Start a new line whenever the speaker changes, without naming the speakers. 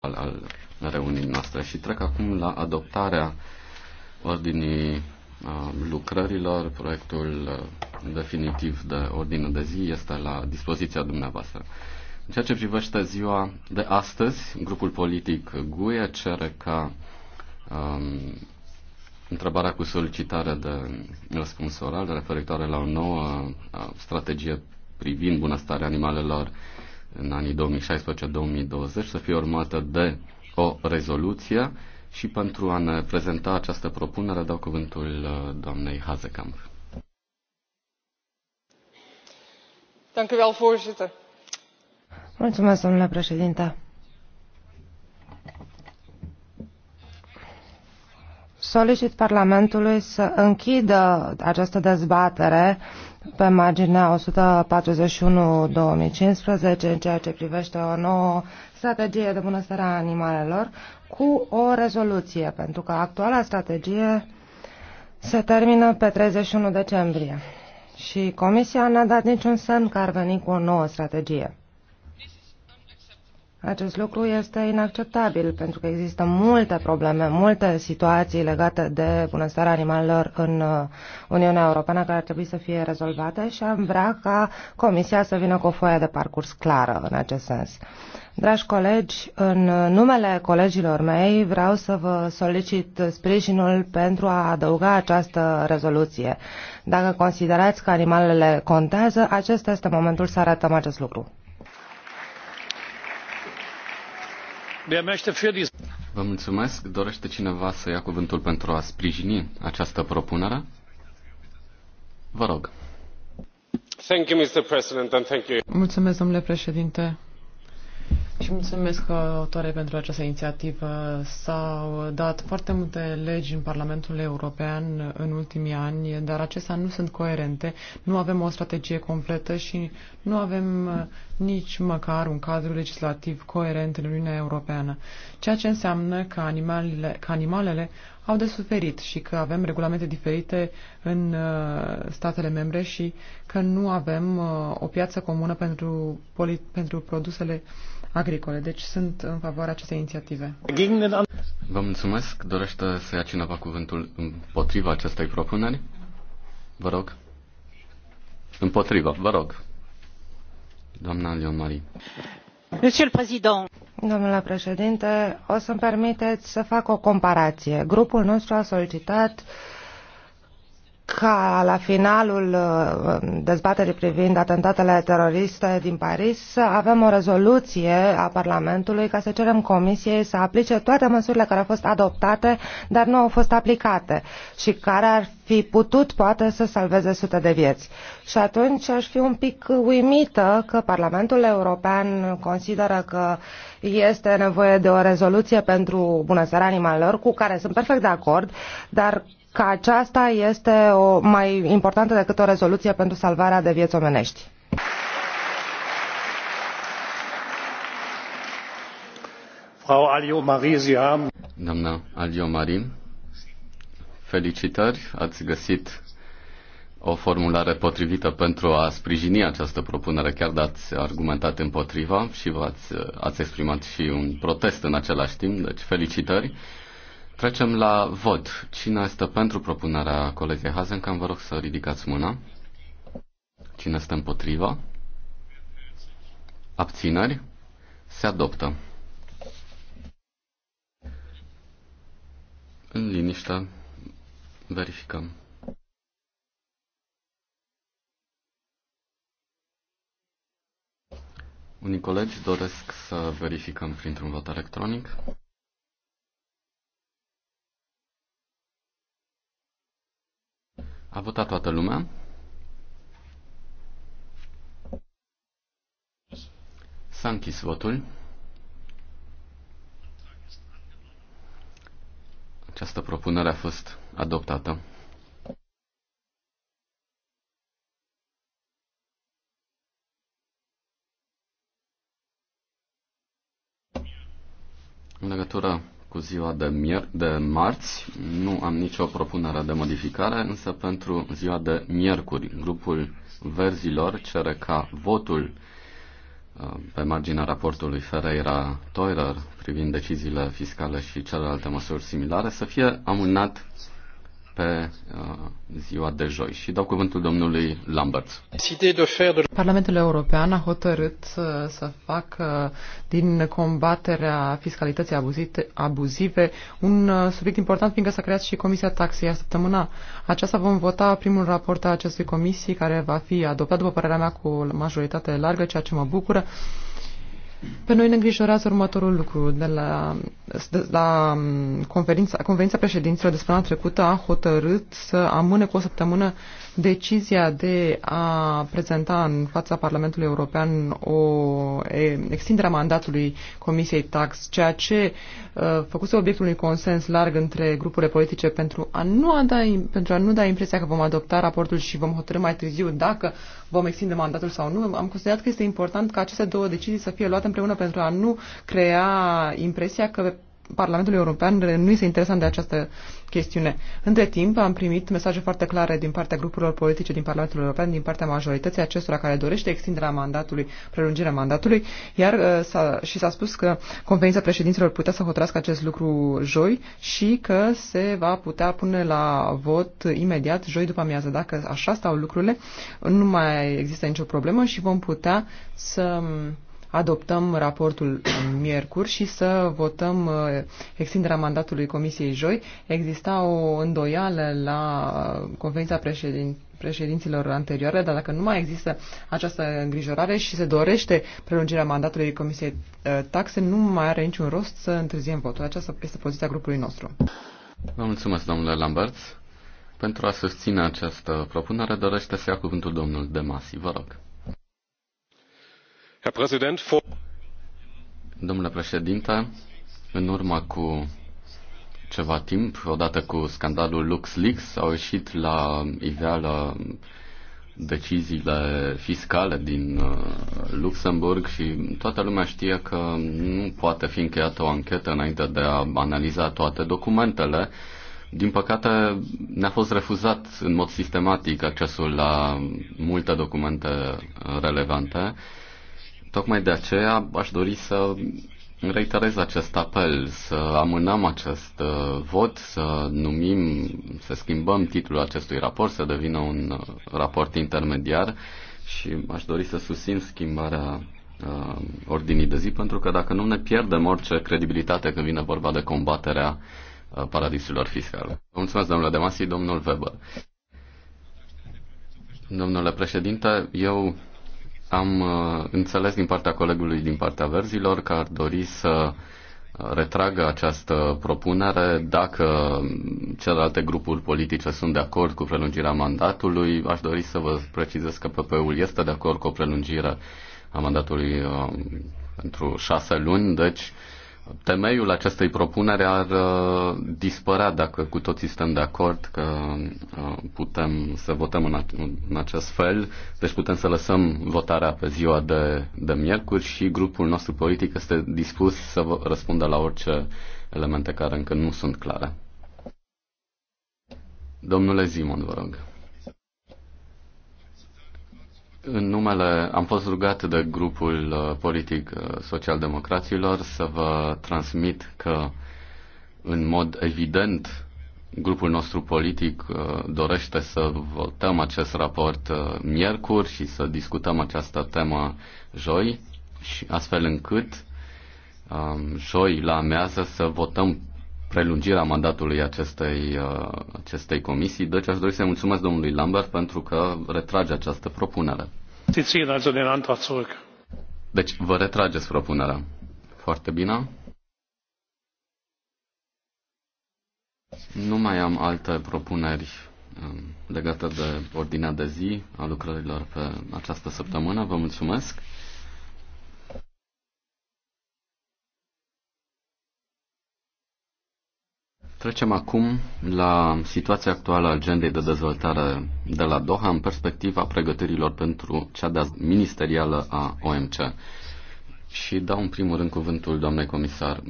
al, al reuniunii noastre și trec acum la adoptarea ordinii lucrărilor. Proiectul definitiv de ordine de zi este la dispoziția dumneavoastră. În ceea ce privește ziua de astăzi, grupul politic GUE cere ca um, întrebarea cu solicitare de răspuns oral referitoare la o nouă strategie privind bunăstarea animalelor în anii 2016-2020 să fie urmată de o rezoluție și pentru a ne prezenta această propunere dau cuvântul uh, doamnei Hazekamp.
Mulțumesc, domnule președinte. Solicit Parlamentului să închidă această dezbatere pe marginea 141-2015 în ceea ce privește o nouă strategie de bunăstare a animalelor cu o rezoluție, pentru că actuala strategie se termină pe 31 decembrie și Comisia n-a dat niciun semn că ar veni cu o nouă strategie. Acest lucru este inacceptabil pentru că există multe probleme, multe situații legate de bunăstarea animalelor în uh, Uniunea Europeană care ar trebui să fie rezolvate și am vrea ca Comisia să vină cu o foaie de parcurs clară în acest sens. Dragi colegi, în uh, numele colegilor mei vreau să vă solicit sprijinul pentru a adăuga această rezoluție. Dacă considerați că animalele contează, acesta este momentul să arătăm acest lucru.
Vă mulțumesc. Dorește cineva să ia cuvântul pentru a sprijini această propunere? Vă rog. Mulțumesc,
domnule președinte. Și mulțumesc uh, autoare pentru această inițiativă. S-au dat foarte multe legi în Parlamentul European în ultimii ani, dar acestea nu sunt coerente, nu avem o strategie completă și nu avem uh, nici măcar un cadru legislativ coerent în Uniunea Europeană, ceea ce înseamnă că animalele, că animalele au de suferit și că avem regulamente diferite în uh, statele membre și că nu avem uh, o piață comună pentru, pentru produsele agricole. Deci sunt în favoarea acestei inițiative.
Vă mulțumesc. Dorește să ia cineva cuvântul împotriva acestei propuneri? Vă rog. Împotriva, vă rog. Doamna Leon Marie.
Domnule președinte, o să îmi permiteți să fac o comparație. Grupul nostru a solicitat uh, ca la finalul uh, dezbaterii privind atentatele teroriste din Paris să avem o rezoluție a Parlamentului ca să cerem Comisiei să aplice toate măsurile care au fost adoptate, dar nu au fost aplicate și care ar fi putut poate să salveze sute de vieți. Și atunci aș fi un pic uimită că Parlamentul European consideră că este nevoie de o rezoluție pentru bunăstarea animalelor, cu care sunt perfect de acord, dar că aceasta este o, mai importantă decât o rezoluție pentru salvarea de vieți omenești. Frau
Alio Marie,
Doamna Alio Marin, felicitări, ați găsit o formulare potrivită pentru a sprijini această propunere, chiar dacă ați argumentat împotriva și v-ați ați exprimat și un protest în același timp, deci felicitări. Trecem la vot. Cine este pentru propunerea colegei Hazencam? Vă rog să ridicați mâna. Cine este împotriva? Abțineri? Se adoptă. În liniște, verificăm. Unii colegi doresc să verificăm printr-un vot electronic. A votat toată lumea. S-a închis votul. Această propunere a fost adoptată. În legătură cu ziua de, mier- de marți. Nu am nicio propunere de modificare, însă pentru ziua de miercuri, grupul verzilor cere ca votul uh, pe marginea raportului Ferreira Toirer privind deciziile fiscale și celelalte măsuri similare să fie amânat pe uh, ziua de joi. Și dau cuvântul domnului Lambert.
Parlamentul European a hotărât uh, să, facă din combaterea fiscalității abuzite, abuzive un uh, subiect important, fiindcă s-a creat și Comisia Taxe. Iar săptămâna aceasta vom vota primul raport al acestui comisii, care va fi adoptat, după părerea mea, cu majoritate largă, ceea ce mă bucură. Pe noi ne îngrijorează următorul lucru. De la, de la conferința, conferința președinților de săptămâna trecută a hotărât să amâne cu o săptămână Decizia de a prezenta în fața Parlamentului European o extindere a mandatului Comisiei Tax, ceea ce făcuse obiectul unui consens larg între grupurile politice pentru a, nu a da, pentru a nu da impresia că vom adopta raportul și vom hotărâ mai târziu dacă vom extinde mandatul sau nu, am considerat că este important ca aceste două decizii să fie luate împreună pentru a nu crea impresia că Parlamentul European nu este interesant de această chestiune. Între timp, am primit mesaje foarte clare din partea grupurilor politice din Parlamentul European, din partea majorității acestora care dorește extinderea mandatului, prelungirea mandatului, iar uh, s-a, și s-a spus că conferința președinților putea să hotărască acest lucru joi și că se va putea pune la vot imediat, joi după amiază. Dacă așa stau lucrurile, nu mai există nicio problemă și vom putea să adoptăm raportul miercuri și să votăm uh, extinderea mandatului Comisiei joi. Exista o îndoială la uh, conferința președin președinților anterioare, dar dacă nu mai există această îngrijorare și se dorește prelungirea mandatului Comisiei uh, Taxe, nu mai are niciun rost să întârziem votul. Aceasta este poziția grupului nostru.
Vă mulțumesc, domnule Lambert. Pentru a susține această propunere, dorește să ia cuvântul domnul Demasi. Vă rog. Domnule președinte, în urmă cu ceva timp, odată cu scandalul LuxLeaks, au ieșit la iveală deciziile fiscale din uh, Luxemburg și toată lumea știe că nu poate fi încheiată o anchetă înainte de a analiza toate documentele. Din păcate, ne-a fost refuzat în mod sistematic accesul la multe documente relevante Tocmai de aceea aș dori să reiterez acest apel, să amânăm acest uh, vot, să numim, să schimbăm titlul acestui raport, să devină un uh, raport intermediar și aș dori să susțin schimbarea uh, ordinii de zi, pentru că dacă nu ne pierdem orice credibilitate când vine vorba de combaterea uh, paradisurilor fiscale. Mulțumesc, domnule Demasi, domnul Weber. Domnule președinte, eu am uh, înțeles din partea colegului din partea verzilor că ar dori să uh, retragă această propunere. Dacă celelalte grupuri politice sunt de acord cu prelungirea mandatului, aș dori să vă precizez că PP-ul este de acord cu o prelungire a mandatului uh, pentru șase luni, deci uh, temeiul acestei propuneri ar uh, dispărea dacă cu toții suntem de acord că uh, putem să votăm în acest fel. Deci putem să lăsăm votarea pe ziua de, de miercuri și grupul nostru politic este dispus să vă răspundă la orice elemente care încă nu sunt clare. Domnule Zimon, vă rog. În numele, am fost rugat de grupul uh, politic uh, social-democraților să vă transmit că, în mod evident, grupul nostru politic uh, dorește să votăm acest raport miercuri și să discutăm această temă joi, și astfel încât um, joi la amează să votăm prelungirea mandatului acestei, uh, acestei comisii. Deci aș dori să-i mulțumesc domnului Lambert pentru că retrage această propunere. Deci vă retrageți propunerea. Foarte bine. Nu mai am alte propuneri um, legate de ordinea de zi a lucrărilor pe această săptămână. Vă mulțumesc. Trecem acum la situația actuală a agendei de dezvoltare de la Doha în perspectiva pregătirilor pentru cea de ministerială a OMC. Și dau în primul rând cuvântul doamnei comisar